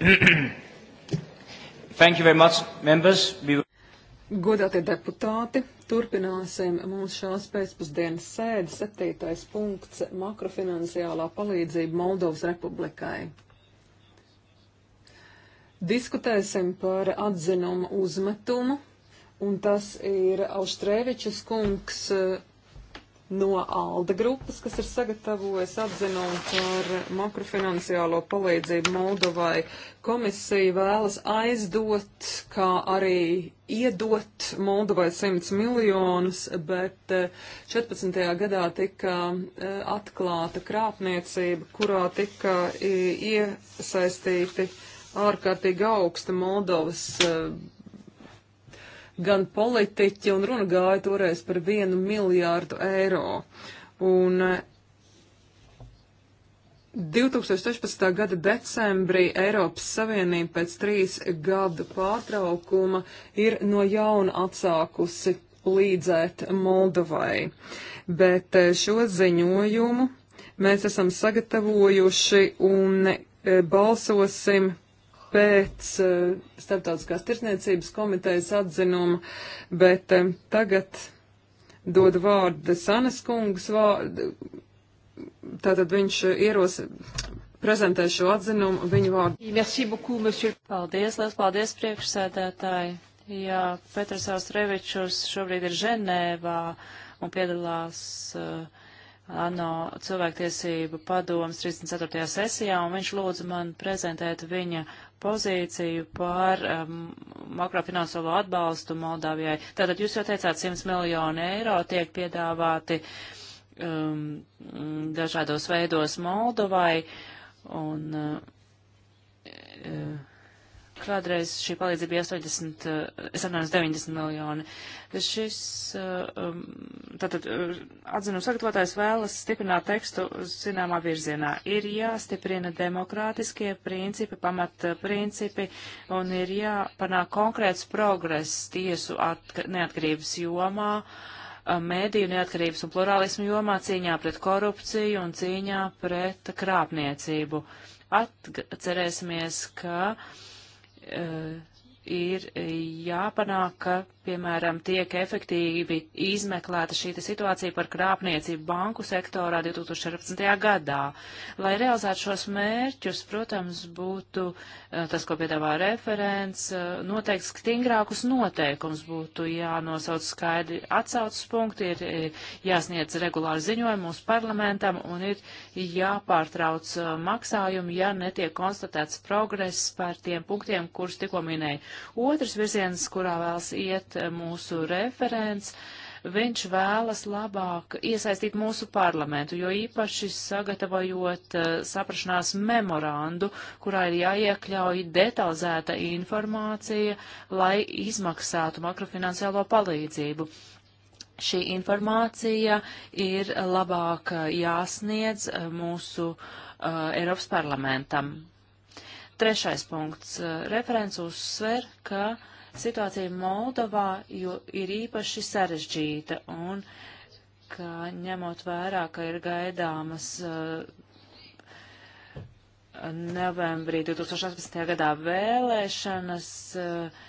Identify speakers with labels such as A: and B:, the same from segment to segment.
A: Thank you very much, members. We...
B: Godātie deputāti, turpināsim mūsu šās pēcpusdienas sēdi. Septītais punkts - makrofinansiālā palīdzība Moldovas republikai. Diskutēsim par atzinumu uzmetumu, un tas ir Austrēvičs kungs no ALDA grupas, kas ir sagatavojis atzinumu par makrofinansiālo palīdzību Moldovai. Komisija vēlas aizdot, kā arī iedot Moldovai 100 miljonus, bet 14. Eh, gadā tika eh, atklāta krāpniecība, kurā tika iesaistīti ārkārtīgi augsta Moldovas eh, gan politiķi, un runa gāja toreiz par vienu miljārdu eiro. Un 2016. Eh, gada decembrī Eiropas Savienība pēc trīs gadu pārtraukuma ir no jauna atsākusi līdzēt Moldovai. Bet eh, šo ziņojumu mēs esam sagatavojuši un eh, balsosim pēc eh, Startautiskās tirsniecības komitejas atzinuma, bet eh, tagad dodu vārdu Sanes kungas vārdu. Tātad viņš ieros prezentē šo atzinumu viņu vārdu.
A: Merci beaucoup, monsieur. Paldies, liels paldies, priekšsēdētāji. Jā, Petrs Austrevičus šobrīd ir Ženēvā un piedalās uh, ANO cilvēktiesību padomas 34. sesijā, un viņš lūdza man prezentēt viņa pozīciju par um, makrofinansuālo atbalstu Moldāvijai. Tātad jūs jau teicāt, 100 miljoni eiro tiek piedāvāti um, dažādos veidos Moldovai, un uh, uh kādreiz šī palīdzība bija 80, es apmēram 90 miljoni. Šis, uh, um, tātad, uh, atzinums sagatavotājs vēlas stiprināt tekstu zināmā virzienā. Ir jāstiprina demokrātiskie principi, pamat principi, un ir jāpanāk konkrēts progress tiesu neatkarības jomā uh, mēdīju neatkarības un plurālismu jomā, cīņā pret korupciju un cīņā pret krāpniecību. Atcerēsimies, ka Eh, ir jāpanāk, ka piemēram, tiek efektīvi izmeklēta šī situācija par krāpniecību banku sektorā 2014. gadā. Lai realizētu šos mērķus, protams, būtu eh, tas, ko piedāvā referents, eh, noteikti stingrākus noteikums būtu jānosauc skaidri atsaucas punkti, ir eh, jāsniedz regulāri ziņojumi mūsu parlamentam un ir jāpārtrauc maksājumi, ja netiek konstatēts progress par tiem punktiem, kurus tikko minēju. Otrs virziens, kurā vēlas iet šeit eh, mūsu referents. Viņš vēlas labāk iesaistīt mūsu parlamentu, jo īpaši sagatavojot uh, saprašanās memorandu, kurā ir jāiekļauj detalizēta informācija, lai izmaksātu makrofinansiālo palīdzību šī informācija ir labāk eh, jāsniedz mūsu uh, Eiropas parlamentam. Trešais punkts. Referents uzsver, ka situācija Moldovā ir īpaši sarežģīta un ka ņemot vērā, ka ir gaidāmas eh, novembrī 2018. gadā vēlēšanas, uh,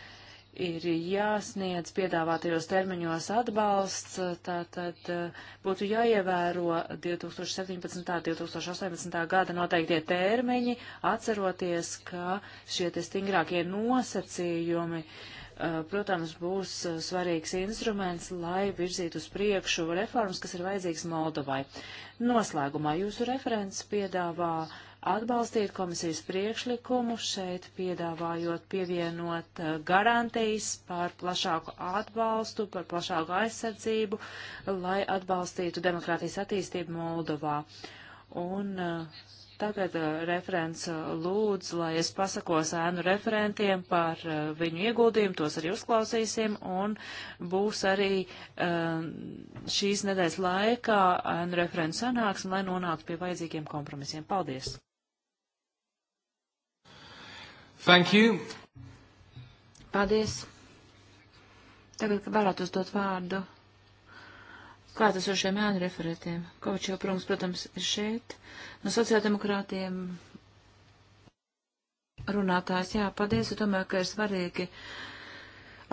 A: ir jāsniedz piedāvātajos termiņos atbalsts, tātad eh, būtu jāievēro 2017. 2018. gada noteiktie termiņi, atceroties, ka šie tie stingrākie nosacījumi, eh, protams, būs eh, svarīgs instruments, lai virzītu uz priekšu reformas, kas ir vajadzīgas Moldovai. Noslēgumā jūsu referents piedāvā atbalstīt komisijas priekšlikumu šeit piedāvājot pievienot eh, garantijas par plašāku atbalstu, par plašāku aizsardzību, lai atbalstītu demokrātijas attīstību Moldovā. Un eh, tagad eh, referents lūdz, lai es pasakos ēnu referentiem par viņu ieguldījumu, tos arī uzklausīsim, un būs arī šīs nedēļas laikā ēnu referents sanāks, lai nonāktu pie vajadzīgiem kompromisiem. Paldies! Thank you.
C: Paldies. Tagad, ka vēlētu uzdot vārdu klātesošiem ēnu referētiem. Kovačs joprojām, protams, ir šeit. No sociāldemokrātiem runātājs, jā, paldies, es domāju, ka ir svarīgi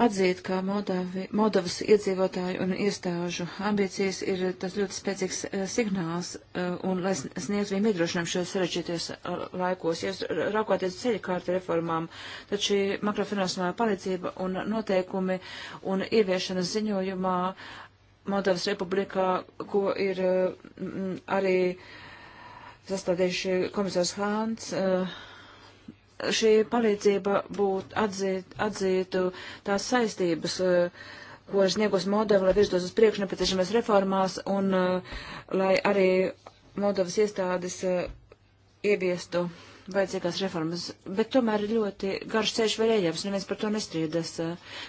C: atzīt, ka Moldavi, Moldovas iedzīvotāju un iestāžu ambīcijas ir tas ļoti spēcīgs eh, signāls, eh, un lai sniegtu viņiem iedrošinājumu šajos sarežģīties eh, laikos, ja raukāties ceļa kārta reformām, tad šī makrofinansimā palīdzība un noteikumi un ieviešanas ziņojumā Moldovas republikā, ko ir m, arī sastādījuši komisārs Hāns, uh, šī palīdzība būtu atzīt, atzītu tās saistības, eh, ko ir sniegus Moldova, lai virzītos uz priekšu nepieciešamās reformās un eh, lai arī Moldovas iestādes eh, ieviestu vajadzīgās reformas, bet tomēr ir ļoti garš ceļš vēl ejams, neviens par to nestrīdas.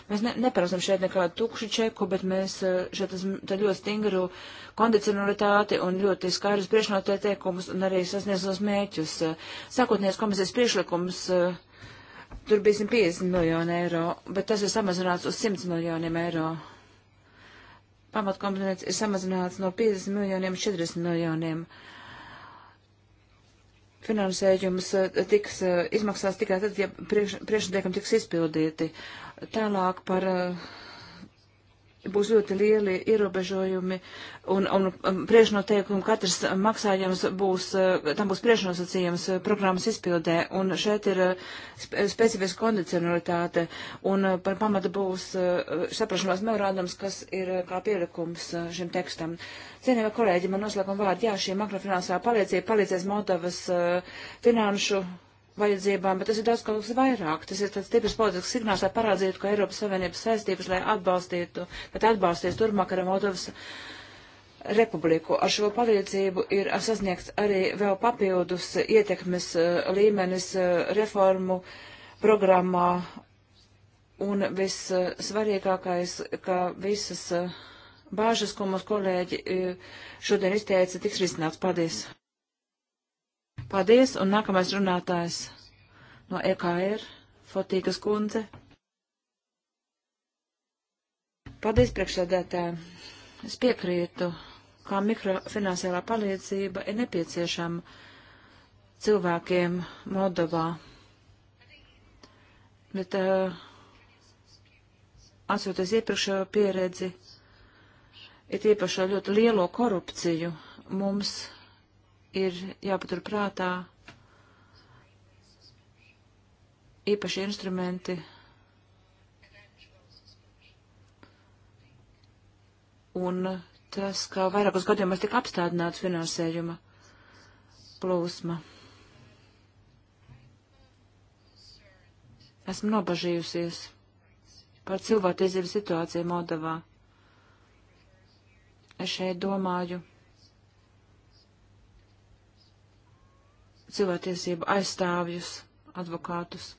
C: Mēs ne, neprasam šeit nekādu tukšu čeku, bet mēs eh, šeit esam ļoti stingru kondicionalitāti un ļoti skaidrus priekšnoteikumus un arī sasniedzos mēķus. Sākotnējais komisijas priekšlikums. Eh, tur bija 150 miljoni eiro, bet tas ir samazināts uz 100 miljoniem eiro. Pamatkomponents ir samazināts no 50 miljoniem 40 miljoniem eiro finansējums eh, tiks eh, izmaksās tikai tad, ja priekš, priekšniekam tiks izpildīti. Tālāk par uh, būs ļoti lieli ierobežojumi un, un, un priekšnoteikumi. Katrs maksājums būs, eh, tam būs priekšnosacījums eh, programmas izpildē, un šeit ir eh, spe, specifiska kondicionalitāte, un par pamatu būs saprašanās memorādums, kas ir kā pielikums šim tekstam. Cienījamie kolēģi, man noslēguma vārdi, jā, šī makrofinansā palīdzība palīdzēs Moldovas finanšu vajadzībām, bet tas ir daudz kaut kas vairāk. Tas ir tāds tipisks politisks signāls, lai parādzītu, ka Eiropas Savienības saistības, lai atbalstītu, bet atbalstīs turpmāk ar Moldovas republiku. Ar šo palīdzību ir sasniegts arī vēl papildus ietekmes eh, līmenis eh, reformu programmā. Un vissvarīgākais, ka visas eh, bāžas, ko mūsu kolēģi šodien izteica, tiks risināts. Paldies! Paldies, un nākamais runātājs no EKR, Fotīgas kundze. Paldies, priekšsēdētāji. Es piekrītu, kā mikrofinansiālā palīdzība ir nepieciešama cilvēkiem Moldovā. Bet uh, atsoties iepriekšējo pieredzi, ir iepašo ļoti lielo korupciju, mums ir jāpatur prātā īpaši instrumenti un tas, ka vairākos gadījumos tika apstādināts finansējuma plūsma. Esmu nobažījusies par cilvēktiesību situāciju Moldavā. Es šeit domāju cilvēktiesību aizstāvjus, advokātus.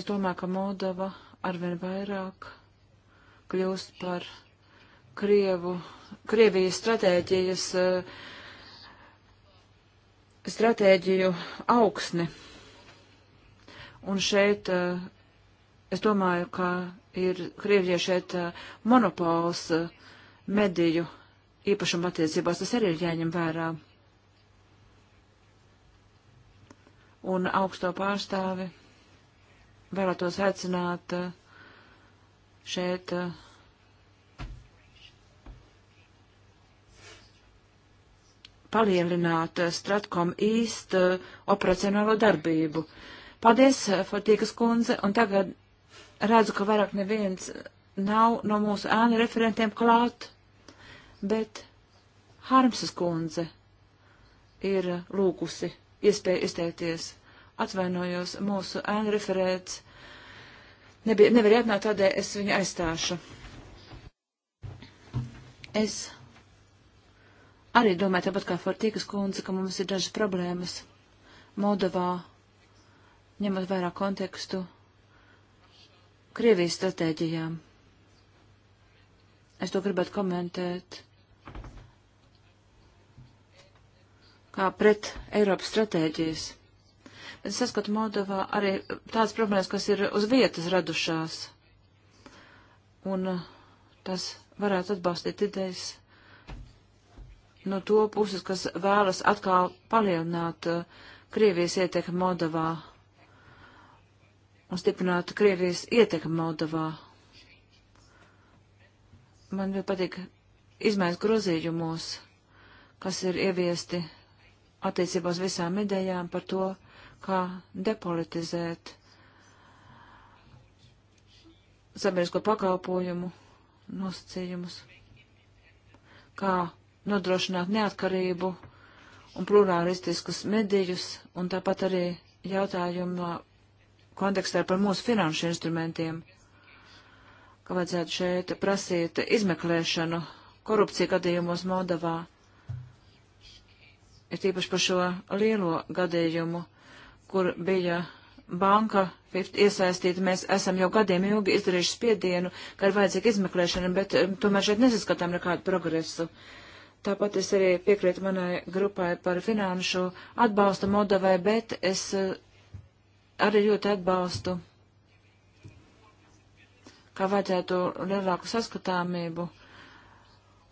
C: Es domāju, ka Moldova arvien vairāk kļūst par Krievu, Krievijas stratēģijas, eh, stratēģiju augsni. Un šeit eh, es domāju, ka ir Krievijai šeit eh, monopols mediju īpašuma attiecībās. Tas arī ir jāņem vērā. un augsto pārstāvi vēlētos aicināt eh, šeit eh, palielināt eh, Stratkom īst operacionālo darbību. Paldies, Fatīkas kundze, un tagad redzu, ka vairāk neviens nav no mūsu ēnu referentiem klāt, bet Harmsas kundze ir lūgusi iespēju izteikties. Atvainojos, mūsu ēnu referēts nebija, nevarēja atnākt, tādēļ es viņu aizstāšu. Es arī domāju, tāpat kā Fortīkas kundze, ka mums ir dažas problēmas Moldovā, ņemot vairāk kontekstu Krievijas stratēģijām. Es to gribētu komentēt kā pret Eiropas stratēģijas. Es saskatu Moldovā arī tādas problēmas, kas ir uz vietas radušās. Un uh, tas varētu atbalstīt idejas no to puses, kas vēlas atkal palielināt uh, Krievijas ietekmi Moldovā un stiprināt Krievijas ietekmi Moldovā. Man ļoti patīk izmaiņas grozījumos, kas ir ieviesti attiecībā uz visām idejām par to, kā depolitizēt sabiedrisko pakalpojumu nosacījumus, kā nodrošināt neatkarību un plurālistiskus medijus, un tāpat arī jautājumā kontekstā par mūsu finanšu instrumentiem, ka vajadzētu šeit prasīt izmeklēšanu korupcija gadījumos Moldavā ir tīpaši par šo lielo gadījumu, kur bija banka iesaistīta. Mēs esam jau gadiem ilgi izdarījuši spiedienu, ka ir vajadzīga izmeklēšana, bet um, tomēr šeit nesaskatām nekādu progresu. Tāpat es arī piekrītu manai grupai par finanšu atbalstu Moldovai, bet es uh, arī ļoti atbalstu, kā vajadzētu lielāku saskatāmību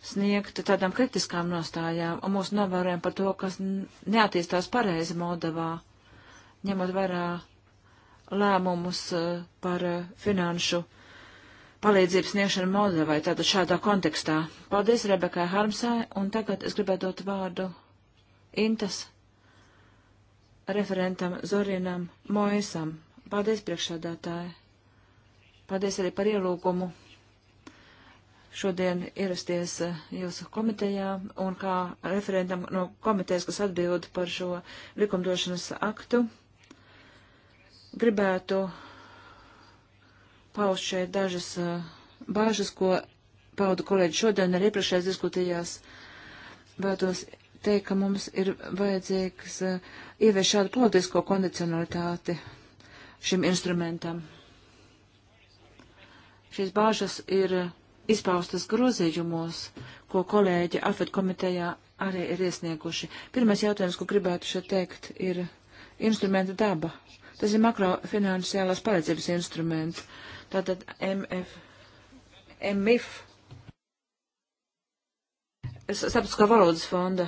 C: sniegt tādām kritiskām nostājām un mūsu novērojam par to, kas neattīstās pareizi Moldavā, ņemot vērā lēmumus eh, par eh, finanšu palīdzības sniegšanu Moldavai, tātad šādā kontekstā. Paldies Rebekai Harmsai, un tagad es gribētu dot vārdu Intas referentam Zorinam Moisam. Paldies priekšādātāji. Paldies arī par ielūgumu šodien ierasties eh, jūsu komitejā un kā referentam no komitejas, kas atbild par šo likumdošanas aktu, gribētu paust šeit dažas eh, bāžas, ko pauda kolēģi šodien arī iepriekšējās diskutējās. Vētos teikt, ka mums ir vajadzīgs eh, ievies šādu politisko kondicionalitāti šim instrumentam. Šīs bāžas ir izpaustas grozījumos, ko kolēģi AFED komitejā arī ir iesnieguši. Pirmais jautājums, ko gribētu šeit teikt, ir instrumenta daba. Tas ir makrofinansiālās palīdzības instruments. Tātad MF, MIF, Starptautiskā valodas fonda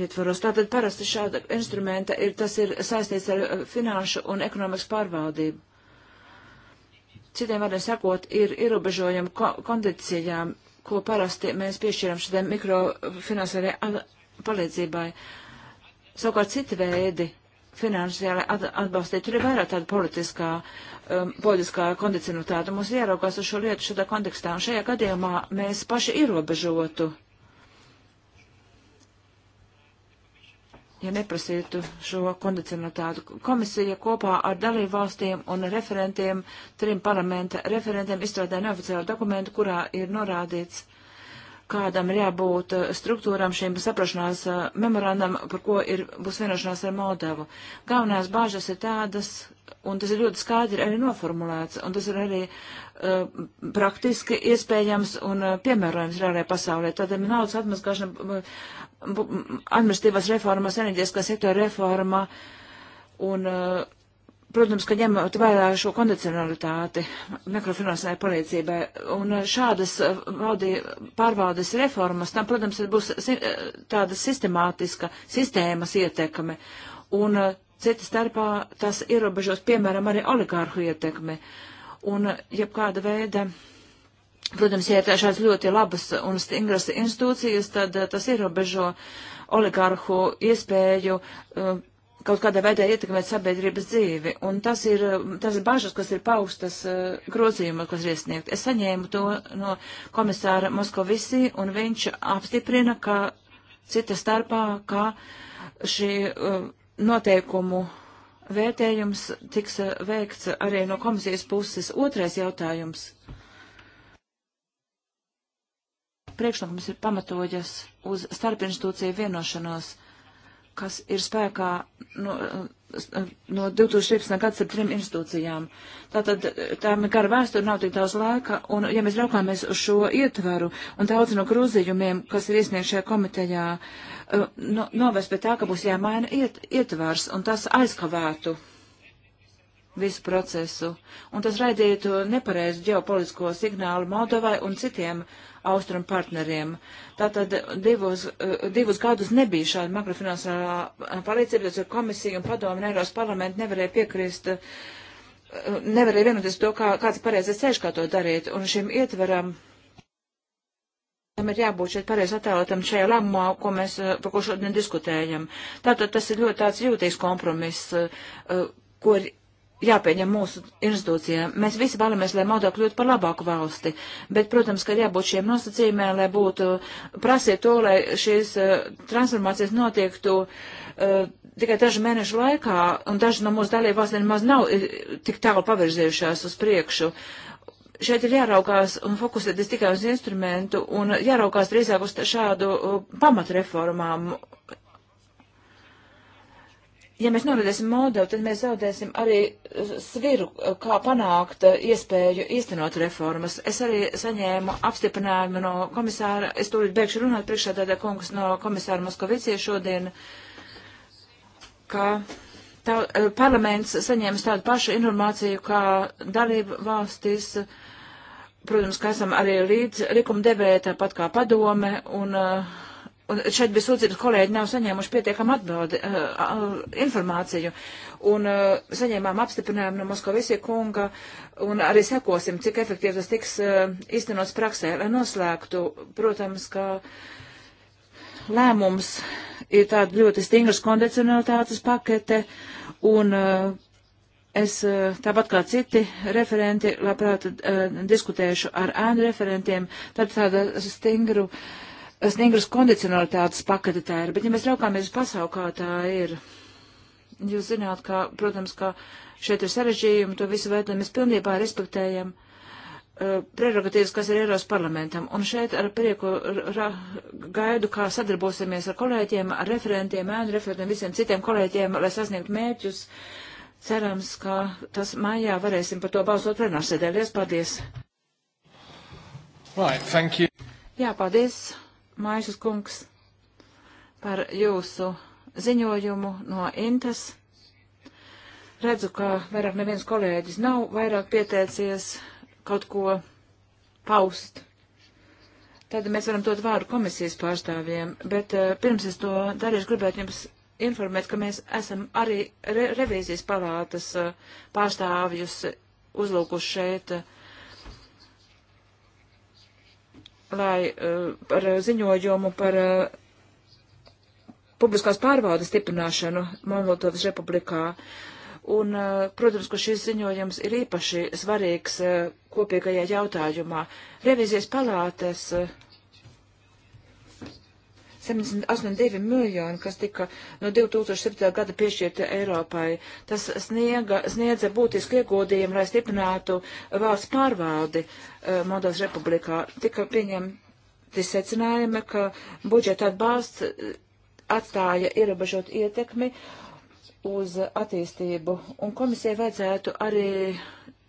C: ietvaros. Tātad parasti šāda instrumenta ir, tas ir saistīts ar eh, finanšu un ekonomikas pārvaldību citiem vārdiem sakot, ir ierobežojumi ko kondicijām, ko parasti mēs piešķiram šādai mikrofinansiālajai palīdzībai. Savukārt citi veidi finansiāli at atbalstīt, tur ir vairāk tāda politiskā, um, politiskā kondicionalitāte. Mums jāraugās uz šo lietu šādā kontekstā, un šajā gadījumā mēs paši ierobežotu ja neprasītu šo kondicionalitātu. Komisija kopā ar dalību valstīm un referentiem, trim parlamenta referentiem izstrādāja neoficiālu dokumentu, kurā ir norādīts, kādam ir jābūt eh, struktūram šīm saprašanās eh, memorandam, par ko ir, būs vienošanās ar Moldavu. Galvenās bāžas ir tādas, un tas ir ļoti skaidri arī noformulēts, un tas ir arī uh, praktiski iespējams un uh, piemērojams reālajā pasaulē. Tātad naudas atmaskāšana, administratīvās reformas, enerģiskā sektora reforma, un, uh, protams, ka ņemot vērā šo kondicionalitāti mikrofinansējai palīdzībai, un uh, šādas valdī, pārvaldes reformas, tam, protams, būs si tāda sistemātiska sistēmas ietekme. Un uh, Cita starpā tas ierobežos, piemēram, arī oligārhu ietekmi. Un jebkāda veida, protams, ja ir šāds ļoti labas un stingras institūcijas, tad eh, tas ierobežo oligārhu iespēju uh, kaut kādā veidā ietekmēt sabiedrības dzīvi. Un tas ir, tas ir bažas, kas ir paustas uh, eh, grozījuma, kas ir iesniegt. Es saņēmu to no komisāra Moskovisī, un viņš apstiprina, ka cita starpā, ka šī uh, noteikumu vērtējums tiks eh, veikts arī no komisijas puses. Otrais jautājums. Priekšlikums ir pamatojas uz starpinstitūciju vienošanos kas ir spēkā no, no 2017. gada ar trim institūcijām. Tātad tām ir gara vēsture, nav tik daudz laika, un ja mēs raukāmies uz šo ietvaru un daudz no grozījumiem, kas ir iesniegts šajā komitejā, eh, no, novest pie tā, ka būs jāmaina iet, ietvars, un tas aizkavētu visu procesu, un tas raidītu nepareizu ģeopolitisko signālu Moldovai un citiem austrumu partneriem. Tātad divus, eh, divus gadus nebija šāda makrofinansālā palīdzība, tas ir komisija un padomu un Eiros parlamentu nevarēja piekrist, eh, nevarēja vienoties to, kā, kāds pareizais ceļš, kā to darīt, un šim ietveram. Tam ir jābūt šeit pareizi attēlotam šajā lēmumā, ko mēs, eh, par ko šodien diskutējam. Tātad tas ir ļoti tāds jūtīgs kompromiss, ko ir jāpieņem mūsu institūcijām. Mēs visi vēlamies, lai Moldova kļūtu par labāku valsti, bet, protams, ka jābūt šiem nosacījumiem, lai būtu prasiet to, lai šīs uh, transformācijas notiektu uh, tikai dažu mēnešu laikā, un daži no mūsu dalību valstīm maz nav eh, tik tālu pavirzījušās uz priekšu. Šeit ir jāraukās un fokusēties tikai uz instrumentu un jāraukās drīzāk uz šādu uh, pamatreformām ja mēs novedēsim modeli, tad mēs zaudēsim arī eh, sviru, eh, kā panākt eh, iespēju īstenot reformas. Es arī saņēmu apstiprinājumu no komisāra, es tūlīt beigšu runāt priekšā tādā kungs no komisāra Moskovicie šodien, ka tā, parlaments saņēmis tādu pašu informāciju, kā dalību valstis. Protams, ka esam arī līdz likumdevēja, tāpat kā padome, un uh, un šeit bija sūdzības kolēģi nav saņēmuši pietiekam atbildi, uh, informāciju, un uh, saņēmām apstiprinājumu no Moskovisija kunga, un arī sekosim, cik efektīvi tas tiks uh, īstenots praksē, lai noslēgtu, protams, ka lēmums ir tāda ļoti stingras kondicionalitātes pakete, un uh, es tāpat kā citi referenti, labprāt, diskutēšu ar ēnu referentiem, tad tāda stingru uh, stingras kondicionalitātes pakete tā ir, bet ja mēs raukāmies pasauli, kā tā ir, jūs zināt, ka, protams, ka šeit ir sarežģījumi, to visu vērtējumu mēs pilnībā respektējam uh, prerogatīvas, kas ir Eiros parlamentam. Un šeit ar prieku gaidu, kā sadarbosimies ar kolēģiem, ar referentiem, ēnu referentiem, visiem citiem kolēģiem, lai sasniegtu mērķus. Cerams, ka tas mājā varēsim par to balsot plenārsēdē. Lies, paldies!
A: Right, thank you.
C: Jā, paldies. Maišas kungs, par jūsu ziņojumu no Intas. Redzu, ka vairāk neviens kolēģis nav vairāk pieteicies kaut ko paust. Tad mēs varam dot vārdu komisijas pārstāvjiem, bet uh, pirms es to darīšu, gribētu jums informēt, ka mēs esam arī re revīzijas palātas uh, pārstāvjus uzlūkuši šeit. Uh, lai eh, par eh, ziņojumu par eh, publiskās pārvaldes stiprināšanu Moldovas republikā. Un, protams, ka šis ziņojums ir īpaši svarīgs kopīgajā jautājumā. Revizijas palātes 782 miljoni, kas tika no 2007. gada piešķirta Eiropai. Tas sniega, sniedza būtisku ieguldījumu, lai stiprinātu valsts pārvaldi uh, Moldovas republikā. Tika pieņemti secinājumi, ka budžeta atbalsts eh, atstāja ierobežot ietekmi uz attīstību, un komisijai vajadzētu arī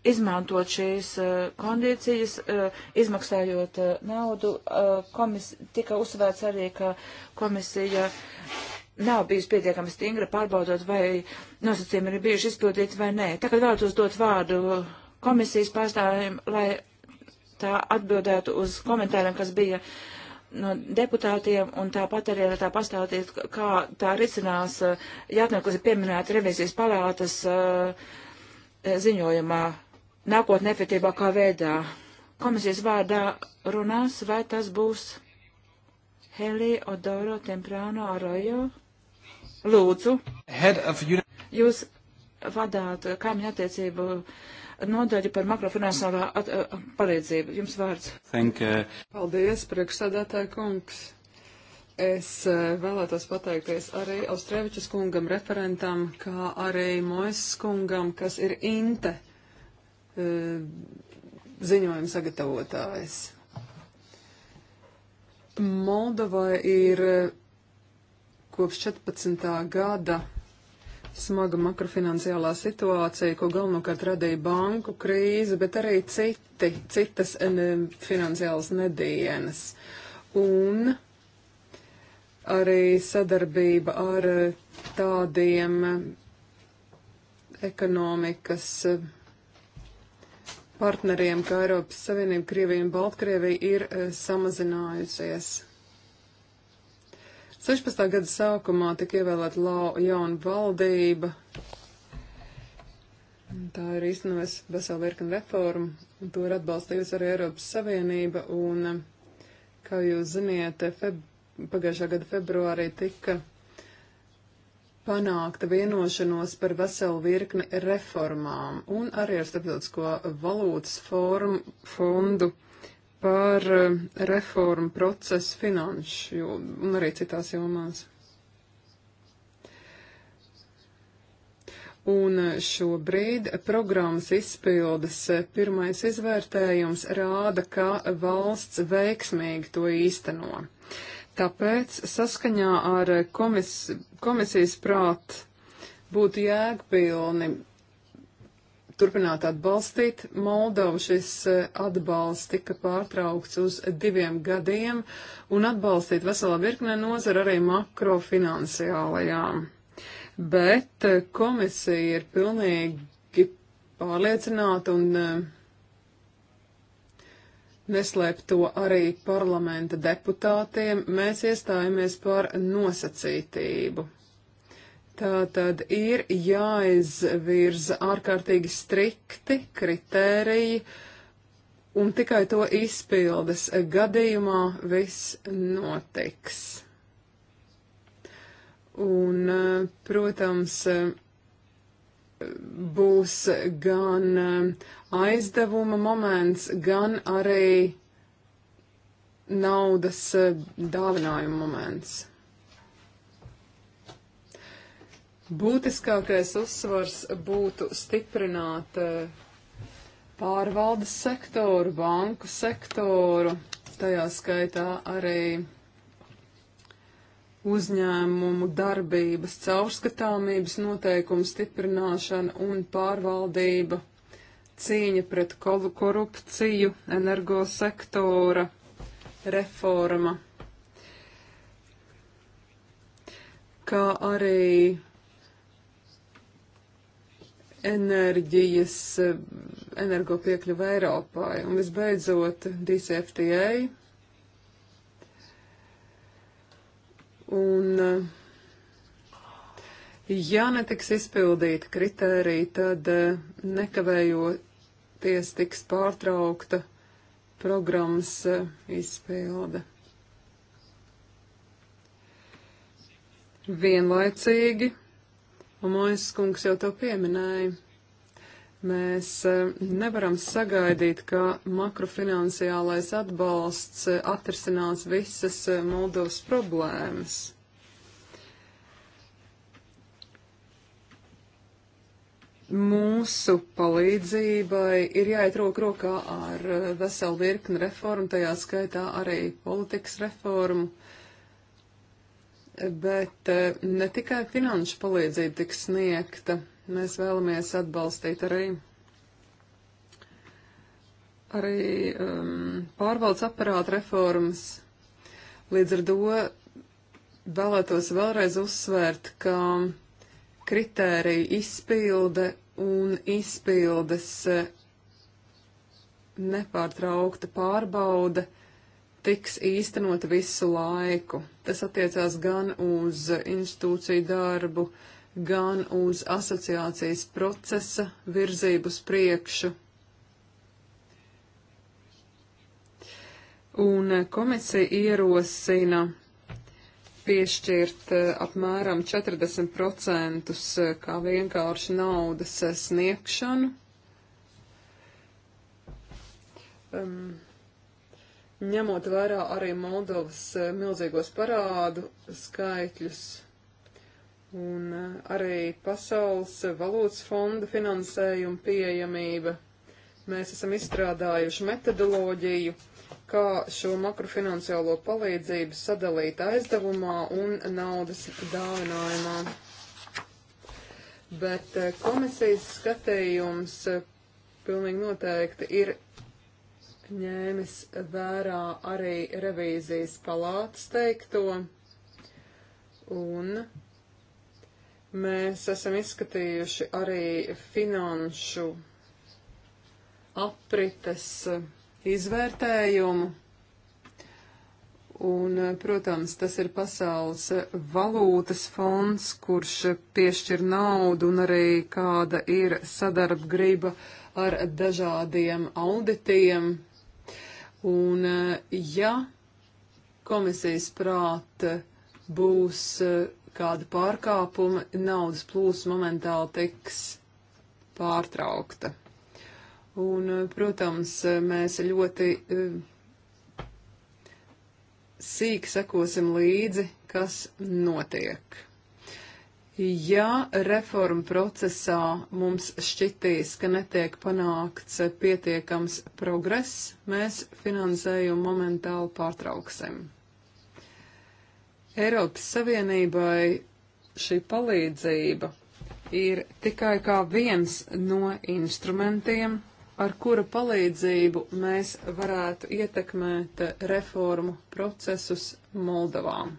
C: izmantot šīs uh, kondīcijas, uh, izmaksājot uh, naudu. Komis, tika uzsvērts arī, ka komisija nav bijusi pietiekami stingra pārbaudot, vai nosacījumi ir bijuši izpildīti vai nē. Tagad vēlētos dot vārdu komisijas pārstāvjiem, lai tā atbildētu uz komentāriem, kas bija no deputātiem, un tāpat arī tā pastāstīt, kā tā risinās jautājumu, kas ir pieminēta revizijas palātas ziņojumā nākotnē efektīvākā veidā. Komisijas vārdā runās, vai tas būs Heli Odoro Temprano Arroyo? Lūdzu. Of... Jūs vadāt kaimiņu attiecību nodaļu par makrofinansālā at, at, palīdzību. Jums
B: vārds. Thank, uh... Paldies, priekšsādātāja kungs. Es e, vēlētos pateikties arī Austrēvičas kungam, referentam, kā arī Mojas kungam, kas ir Inte E, ziņojuma sagatavotājs. Moldovai ir e, kopš 14. gada smaga makrofinansiālā situācija, ko galvenokārt radīja banku krīze, bet arī citi, citas e, finansiālas nedienas. Un arī sadarbība ar tādiem ekonomikas partneriem, kā Eiropas Savienība, Krievija un Baltkrievija, ir eh, samazinājusies. 16. gada sākumā tika ievēlēta jauna valdība. Tā ir īstenojusi veselu virkni reformu, un to ir atbalstījusi arī Eiropas Savienība, un, eh, kā jūs ziniet, feb... pagājušā gada februārī tika panākta vienošanos par veselu virkni reformām un arī ar starptautisko valūtas formu, fondu par eh, reformu procesu finanšu un arī citās jomās. Un eh, šobrīd programmas izpildes eh, pirmais izvērtējums rāda, ka valsts veiksmīgi to īsteno. Uh, Tāpēc saskaņā ar komis, komisijas prāt būtu jēgpilni turpināt atbalstīt Moldovu. Šis e, atbalsts tika pārtraukts uz diviem gadiem un atbalstīt veselā virknē nozara arī makrofinansiālajām. Bet e, komisija ir pilnīgi pārliecināta un e, neslēp to arī parlamenta deputātiem, mēs iestājamies par nosacītību. Tā tad ir jāizvirza ārkārtīgi strikti kritēriji, un tikai to izpildes gadījumā viss notiks. Un, eh, protams, eh, būs gan um, aizdevuma moments, gan arī naudas uh, dāvinājuma moments. Būtiskākais uzsvars būtu stiprināt uh, pārvaldes sektoru, banku sektoru, tajā skaitā arī uzņēmumu darbības caurskatāmības noteikumu stiprināšana un pārvaldība, cīņa pret korupciju, energosektora reforma, kā arī enerģijas, eh, energopiekļuva Eiropai un visbeidzot DCFTA Un, eh, ja netiks izpildīta kritērija, tad eh, nekavējoties tiks pārtraukta programmas eh, izpilde. Vienlaicīgi, un Mojas kungs jau to pieminēja Mēs e, nevaram sagaidīt, ka makrofinansiālais atbalsts e, atrisinās visas e, Moldovas problēmas. Mūsu palīdzībai ir jāiet roku rokā ar veselu virkni reformu, tajā skaitā arī politikas reformu bet ne tikai finanšu palīdzība tiks sniegta, Mēs vēlamies atbalstīt arī, arī um, pārvaldes aparāta reformas. Līdz ar to vēlētos vēlreiz uzsvērt, ka kritērija izpilde un izpildes eh, nepārtraukta pārbaude tiks īstenota visu laiku. Tas attiecās gan uz institūciju darbu, uh, gan uz asociācijas procesa virzību uz priekšu. Un komisija ierosina piešķirt eh, apmēram 40% eh, kā vienkārši naudas eh, sniegšanu. Um, ņemot vērā arī Moldovas milzīgos parādu skaitļus un eh, arī Pasaules valūtas fonda finansējuma pieejamība. Mēs esam izstrādājuši metodoloģiju, kā šo makrofinanciālo palīdzību sadalīt aizdevumā un naudas dāvinājumā. Bet eh, komisijas skatījums eh, pilnīgi noteikti ir ņēmis vērā arī revīzijas palātas teikto, un Mēs esam izskatījuši arī finanšu aprites eh, izvērtējumu. Un, eh, protams, tas ir pasaules valūtas fonds, kurš piešķir naudu un arī kāda ir sadarba griba ar dažādiem auditiem. Un, eh, ja komisijas prāta būs kāda pārkāpuma naudas plūsma momentāli tiks pārtraukta. Un, eh, protams, eh, mēs ļoti eh, sīk sekosim līdzi, kas notiek. Ja reforma procesā mums šķitīs, ka netiek panākts pietiekams progress, mēs finansējumu momentāli pārtrauksim. Eiropas Savienībai šī palīdzība ir tikai kā viens no instrumentiem, ar kura palīdzību mēs varētu ietekmēt reformu procesus Moldavām.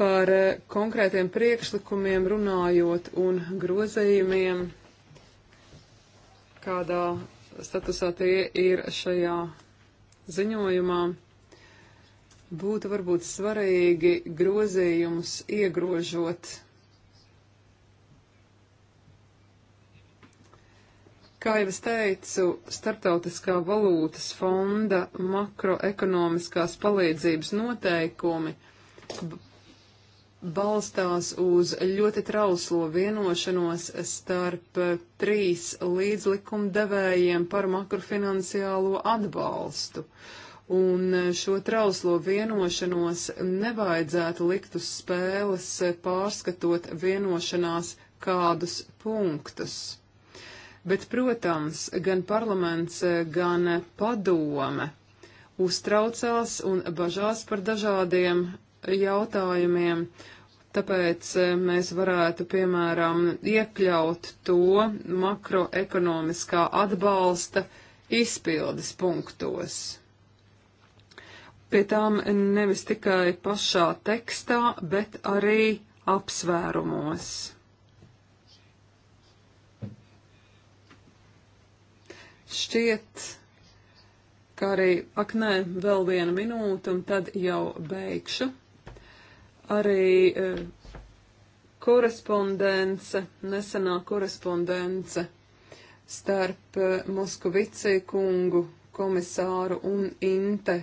B: Par konkrētiem priekšlikumiem runājot un grozējumiem, kādā statusā tie ir šajā ziņojumā būtu varbūt svarīgi grozījumus iegrožot. Kā jau es teicu, Startautiskā valūtas fonda makroekonomiskās palīdzības noteikumi balstās uz ļoti trauslo vienošanos starp trīs līdzlikumdevējiem par makrofinanciālo atbalstu. Un šo trauslo vienošanos nevajadzētu likt uz spēles, pārskatot vienošanās kādus punktus. Bet, protams, gan parlaments, gan padome uztraucās un bažās par dažādiem jautājumiem. Tāpēc eh, mēs varētu, piemēram, iekļaut to makroekonomiskā atbalsta izpildes punktos. Pie tām nevis tikai pašā tekstā, bet arī apsvērumos. Šķiet, kā arī, ak nē, vēl viena minūte un tad jau beigšu arī e, korespondence, nesenā korespondence starp e, Moskvici kungu komisāru un Inte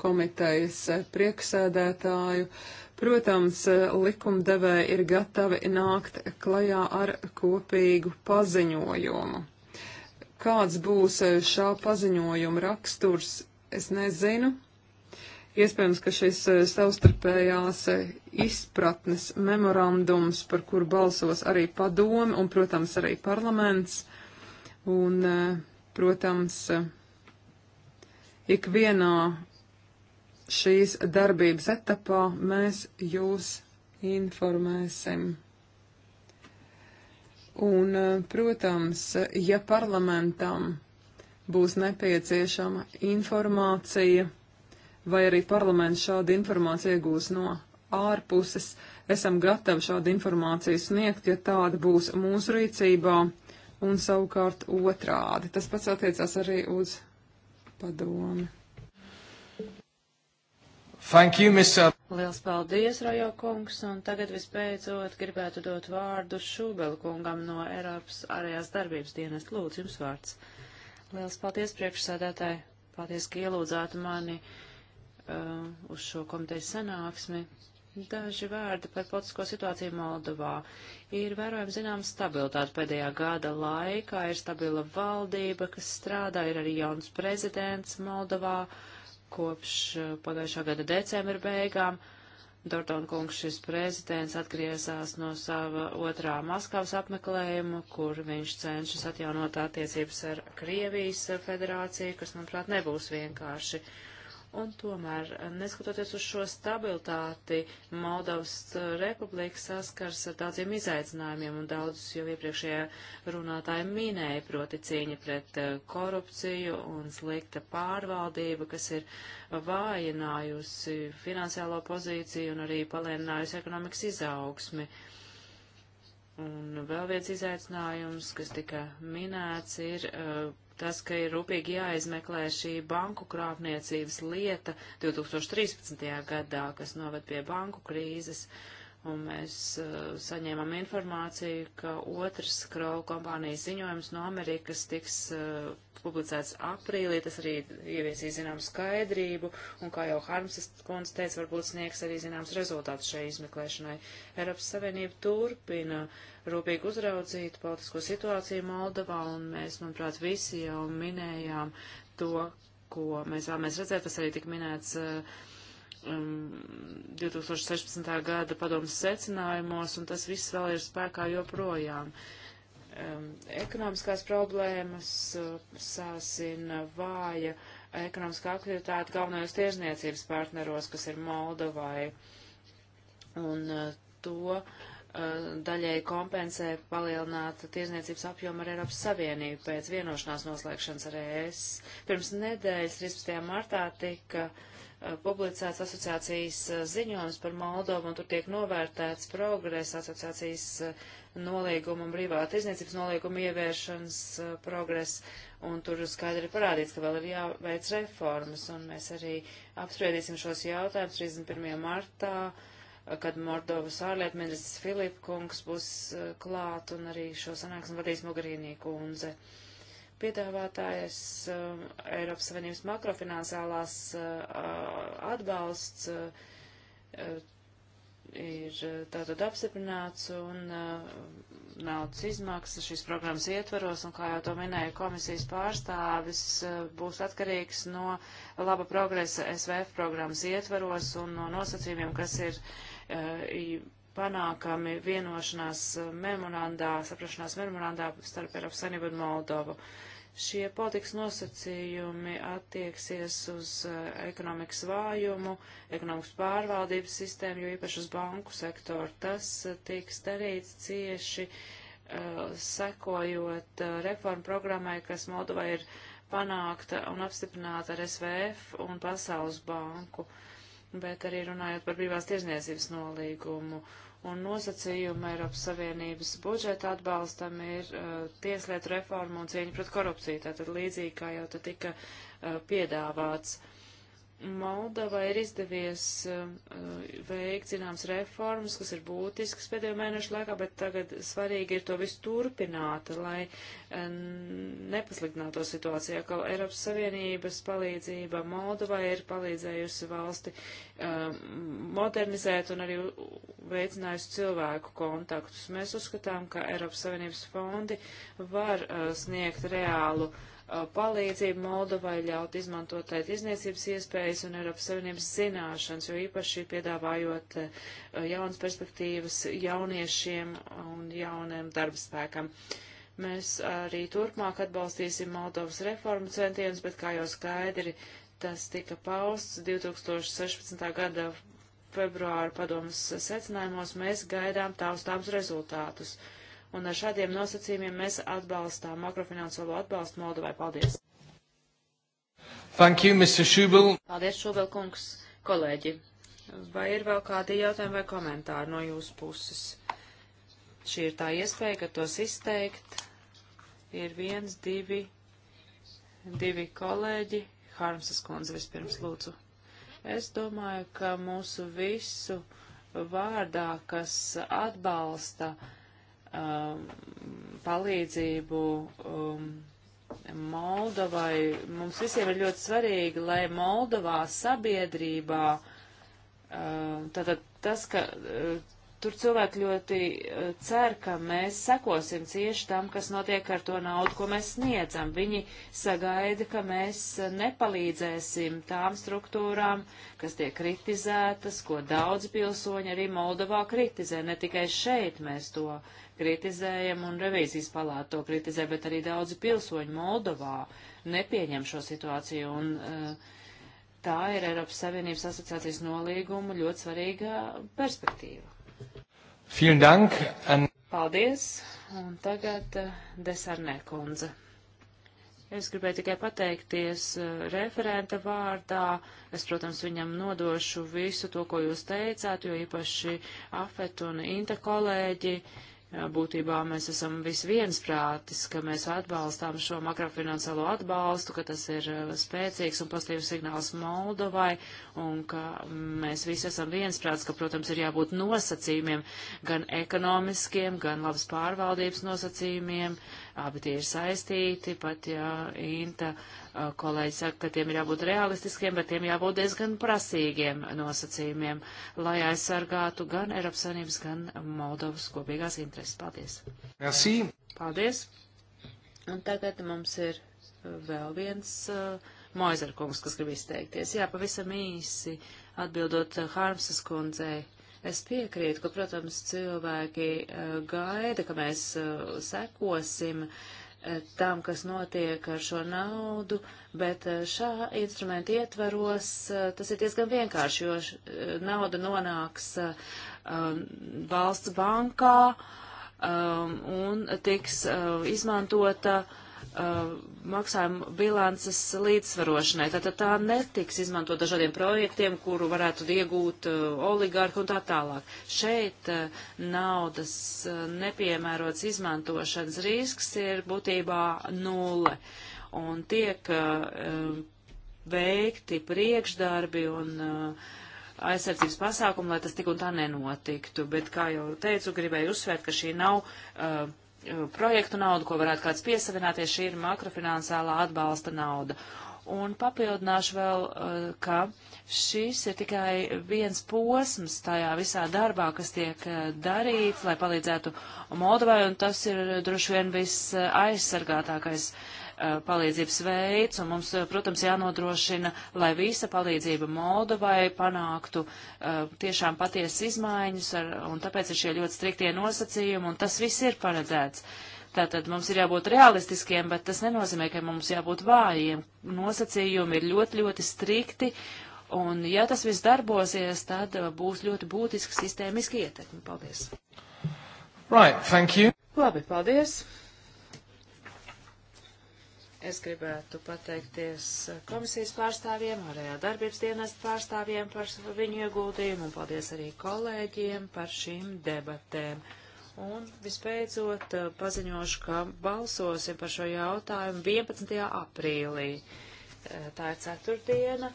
B: komitejas e, prieksēdētāju. Protams, likumdevēji ir gatavi nākt klajā ar kopīgu paziņojumu. Kāds būs šā paziņojuma raksturs, es nezinu, Iespējams, ka šis e, savstarpējās e, izpratnes memorandums, par kuru balsos arī padomi un, protams, arī parlaments, un, e, protams, ikvienā šīs darbības etapā mēs jūs informēsim. Un, protams, ja parlamentam būs nepieciešama informācija, vai arī parlaments šādu informāciju iegūs no ārpuses. Esam gatavi šādu informāciju sniegt, ja tāda būs mūsu rīcībā, un savukārt otrādi. Tas pats attiecās arī uz padomi.
A: Thank you, Mr. Liels paldies, Rajo kungs, un tagad vispēcot gribētu dot vārdu Šūbel kungam no Eiropas ārējās darbības dienas. Lūdzu, jums vārds. Liels paldies, priekšsēdētāji. Paldies, ka ielūdzāt mani. Uh, uh, uz šo komitejas sanāksmi. Daži vārdi par politisko situāciju Moldovā. Ir vērojama zinām stabilitāte pēdējā gada laikā, ir stabila valdība, kas strādā, ir arī jauns prezidents Moldovā kopš uh, pagājušā gada decembra beigām. Dortona kungs šis prezidents atgriezās no sava otrā Maskavas apmeklējuma, kur viņš cenšas atjaunot attiecības ar Krievijas federāciju, kas, manuprāt, nebūs vienkārši. Uh, Un tomēr, neskatoties uz šo stabilitāti, Moldovas uh, republika saskars ar daudziem izaicinājumiem, un daudzus jau iepriekšējā runātāja minēja, proti cīņa pret uh, korupciju un slikta pārvaldība, kas ir vājinājusi finansiālo pozīciju un arī palielinājusi ekonomikas izaugsmi. Uh, Un vēl viens izaicinājums, kas tika minēts, ir uh, tas, ka ir rūpīgi jāizmeklē šī banku krāpniecības lieta 2013. gadā, kas noved pie banku krīzes. Uh, un mēs uh, saņēmām informāciju, ka otrs Kroll kompānijas ziņojums no Amerikas tiks uh, publicēts aprīlī, tas arī ieviesīs zinām skaidrību, un kā jau Harmsas kundze teica, varbūt sniegs arī zināms rezultāts šai izmeklēšanai. Eiropas Savienība turpina rūpīgi uzraudzīt politisko situāciju Moldovā, un mēs, manuprāt, visi jau minējām to, ko mēs vēlamies redzēt, tas arī tik minēts uh, um, 2016. gada padomas secinājumos, un tas viss vēl ir spēkā joprojām. Um, ekonomiskās problēmas uh, sāsina vāja ekonomiskā aktivitāte galvenajos tiežniecības partneros, kas ir Moldovai, un uh, to uh, daļai kompensē palielināta tirzniecības apjoma ar Eiropas Savienību pēc vienošanās noslēgšanas ar ES. Pirms nedēļas, 13. martā, tika uh, Eh, publicēts asociācijas eh, ziņojums par Moldovu, un tur tiek novērtēts progress asociācijas eh, nolīguma un brīvā tirzniecības nolīguma ieviešanas progress, un tur skaidri parādīts, ka vēl ir jāveic reformas, un mēs arī apspriedīsim šos jautājumus 31. martā kad Mordovas ārlietu ministrs Filipa kungs būs klāt un arī šo sanāksmu vadīs Mogarīnī kundze. Uh, Piedāvātājs uh, Eiropas Savienības makrofinansālās uh, atbalsts uh, ir uh, tātad apstiprināts un uh, naudas izmaksas šīs programmas ietvaros, un kā jau to minēja komisijas pārstāvis, uh, būs atkarīgs no laba progresa SVF programmas ietvaros un no nosacījumiem, kas ir panākami vienošanās memorandā, saprašanās memorandā starp Eiropas Savienību un Moldovu. Uh, Šie politikas nosacījumi attieksies uz eh, ekonomikas vājumu, ekonomikas pārvaldības sistēmu, jo īpaši uz banku sektoru. Tas eh, tiks darīts cieši uh, sekojot reformu programmai, kas Moldovai ir panākta un apstiprināta ar SVF un Pasaules banku. Uh, bet arī runājot par brīvās tirzniecības nolīgumu. Un nosacījumi Eiropas Savienības budžeta atbalstam ir uh, tieslietu reforma un cieņa pret korupciju, tātad līdzīgi kā jau te tika uh, piedāvāts. Uh, Moldova ir izdevies eh, veikt zināmas reformas, kas ir būtiskas pēdējo mēnešu laikā, bet tagad svarīgi ir to visu turpināt, lai eh, nepasliktināto situācijā, ka Eiropas Savienības palīdzība Moldovai ir palīdzējusi valsti eh, modernizēt un arī veicinājusi cilvēku kontaktus. Mēs uzskatām, ka Eiropas Savienības fondi var sniegt reālu uh, Uh, palīdzību Moldovai, ļaut izmantot eh, tai izniecības iespējas un Eiropas Savienības zināšanas, jo īpaši piedāvājot eh, jaunas perspektīvas jauniešiem un jauniem darbspēkam. Mēs arī turpmāk atbalstīsim Moldovas reformu centienus, bet kā jau skaidri tas tika pausts 2016. gada februāra padomas secinājumos, mēs gaidām taustāms rezultātus. Uh, un ar šādiem nosacījumiem mēs atbalstām makrofinansuālo atbalstu Moldovai. Paldies! Thank you, Mr. Šubel. Paldies, Šubel kungs, kolēģi. Vai ir vēl kādi jautājumi vai komentāri no jūsu puses? Šī ir tā iespēja, ka tos izteikt. Ir viens, divi, divi kolēģi. Harmsas kundze vispirms lūdzu. Es domāju, ka mūsu visu vārdā, kas atbalsta uh, um, palīdzību um, Moldovai. Mums visiem ir ļoti svarīgi, lai Moldovā sabiedrībā, um, tātad tas, ka uh, Tur cilvēki ļoti eh, cer, ka mēs sekosim cieši tam, kas notiek ar to naudu, ko mēs sniedzam. Viņi sagaida, ka mēs eh, nepalīdzēsim tām struktūrām, kas tiek kritizētas, ko daudz pilsoņi arī Moldovā kritizē. Ne tikai šeit mēs to kritizējam un revīzijas palāta to kritizē, bet arī daudzi pilsoņi Moldovā nepieņem šo situāciju. Un, uh, Tā ir Eiropas Savienības asociācijas nolīguma ļoti svarīga perspektīva. Dank, an... Paldies! Un tagad eh, Desarnē kundze. Es gribēju tikai pateikties eh, referenta vārdā. Es, protams, viņam nodošu visu to, ko jūs teicāt, jo īpaši Afet un Inta kolēģi būtībā mēs esam visi viensprātis, ka mēs atbalstām šo makrofinansālo atbalstu, ka tas ir uh, spēcīgs un pozitīvs signāls Moldovai, un ka mēs visi esam viensprātis, ka, protams, ir jābūt nosacījumiem gan ekonomiskiem, gan labas pārvaldības nosacījumiem, uh, abi tie ir saistīti, pat ja Inta kolēģi saka, ka tiem ir jābūt realistiskiem, bet tiem jābūt diezgan prasīgiem nosacījumiem, lai aizsargātu gan Eiropas Savienības, gan Moldovas kopīgās intereses. Paldies! Merci. Paldies! Un tagad mums ir vēl viens uh, Moizerkungs, kas grib izteikties. Jā, pavisam īsi atbildot Harmsas kundzei. Uh, Es piekrītu, ka, protams, cilvēki eh, gaida, ka mēs eh, sekosim eh, tam, kas notiek ar šo naudu, bet šā instrumenta ietvaros tas ir diezgan vienkārši, jo nauda nonāks um, valsts bankā um, un tiks izmantota uh, maksājumu bilances līdzsvarošanai. Tātad tā netiks izmantot dažādiem projektiem, kuru varētu iegūt uh, oligārhi un tā tālāk. Šeit uh, naudas uh, nepiemērots izmantošanas risks ir būtībā nulle. Un tiek uh, uh, veikti priekšdarbi un uh, aizsardzības pasākumu, lai tas tik un tā nenotiktu. Bet, kā jau teicu, gribēju uzsvērt, ka šī nav uh, projektu naudu, ko varētu kāds piesavināties, šī ir makrofinansālā atbalsta nauda. Un papildināšu vēl, eh, ka šis ir tikai viens posms tajā visā darbā, kas tiek eh, darīts, lai palīdzētu Moldovai, un tas ir droši vien viss aizsargātākais uh, Eh, palīdzības veids, un mums, eh, protams, jānodrošina, lai visa palīdzība Moldovai panāktu uh, tiešām patiesas izmaiņas, ar, un tāpēc ir šie ļoti striktie nosacījumi, un tas viss ir paredzēts. Tātad mums ir jābūt realistiskiem, bet tas nenozīmē, ka mums jābūt vājiem. Nosacījumi ir ļoti, ļoti strikti, un ja tas viss darbosies, tad būs ļoti būtiska sistēmiska ietekme. Paldies! Right, thank you. Labi, paldies! Es gribētu pateikties komisijas pārstāvjiem, ārējā darbības dienas pārstāvjiem par viņu ieguldījumu un paldies arī kolēģiem par šīm debatēm. Un vispēcot eh, paziņošu, ka balsosim par šo jautājumu 11. aprīlī. Eh, tā ir ceturtdiena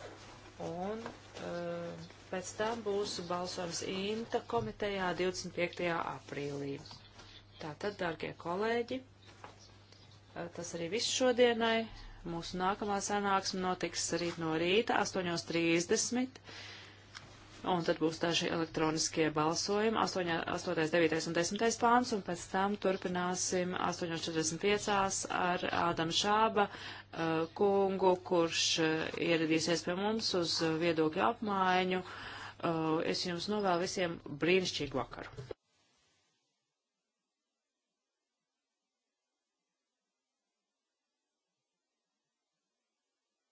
A: un eh, pēc tam būs balsojums INTA komitejā 25. aprīlī. Tātad, dārgie kolēģi! Tas arī viss šodienai. Mūsu nākamā sanāksme notiks rīt no rīta 8.30. Un tad būs daži elektroniskie balsojumi 8, 8, 9 un 10 pāns, un pēc tam turpināsim 8.45 ar Ādam Šāba eh, kungu, kurš eh, ieradīsies pie mums uz viedokļu apmaiņu. Eh, es jums novēlu visiem brīnišķīgu vakaru!